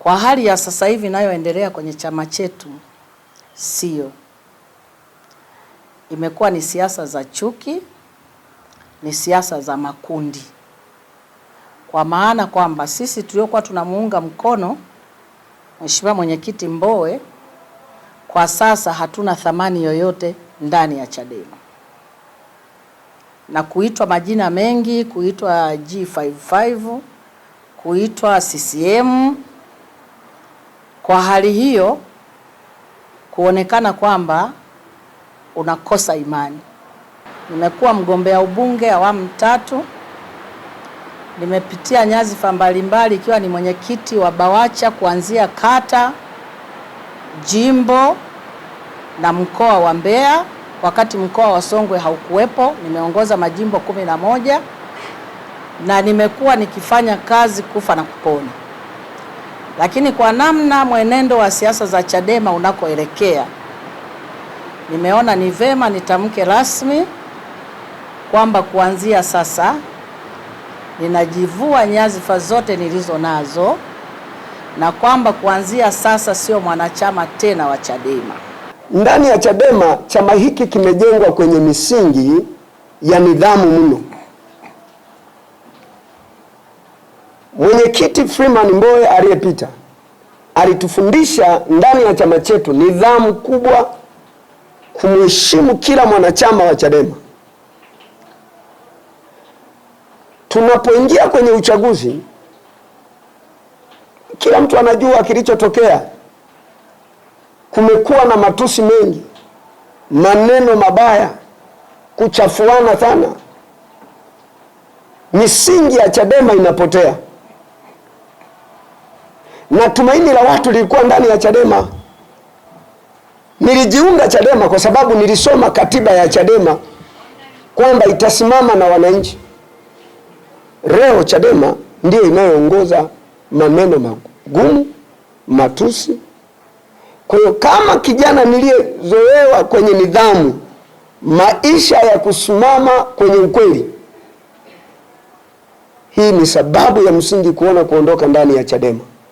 Kwa hali ya sasa hivi inayoendelea kwenye chama chetu, sio, imekuwa ni siasa za chuki, ni siasa za makundi, kwa maana kwamba sisi tuliokuwa tunamuunga mkono Mheshimiwa Mwenyekiti Mbowe kwa sasa hatuna thamani yoyote ndani ya Chadema na kuitwa majina mengi, kuitwa G55, kuitwa CCM kwa hali hiyo kuonekana kwamba unakosa imani. Nimekuwa mgombea ubunge awamu tatu, nimepitia nyadhifa mbalimbali, ikiwa ni mwenyekiti wa BAWACHA kuanzia kata, jimbo na mkoa wa Mbeya, wakati mkoa wa Songwe haukuwepo. Nimeongoza majimbo kumi na moja na nimekuwa nikifanya kazi kufa na kupona. Lakini kwa namna mwenendo wa siasa za Chadema unakoelekea, nimeona ni vema nitamke rasmi kwamba kuanzia sasa ninajivua nyadhifa zote nilizo nazo na kwamba kuanzia sasa sio mwanachama tena wa Chadema. Ndani ya Chadema, chama hiki kimejengwa kwenye misingi ya nidhamu mno. Mwenyekiti Freeman Mbowe aliyepita alitufundisha ndani ya chama chetu nidhamu kubwa, kumheshimu kila mwanachama wa Chadema. Tunapoingia kwenye uchaguzi, kila mtu anajua kilichotokea. Kumekuwa na matusi mengi, maneno mabaya, kuchafuana sana, misingi ya Chadema inapotea na tumaini la watu lilikuwa ndani ya Chadema. Nilijiunga Chadema kwa sababu nilisoma katiba ya Chadema kwamba itasimama na wananchi. Leo Chadema ndiyo inayoongoza maneno magumu, matusi. Kwa hiyo kama kijana niliyezoewa kwenye nidhamu, maisha ya kusimama kwenye ukweli, hii ni sababu ya msingi kuona kuondoka ndani ya Chadema.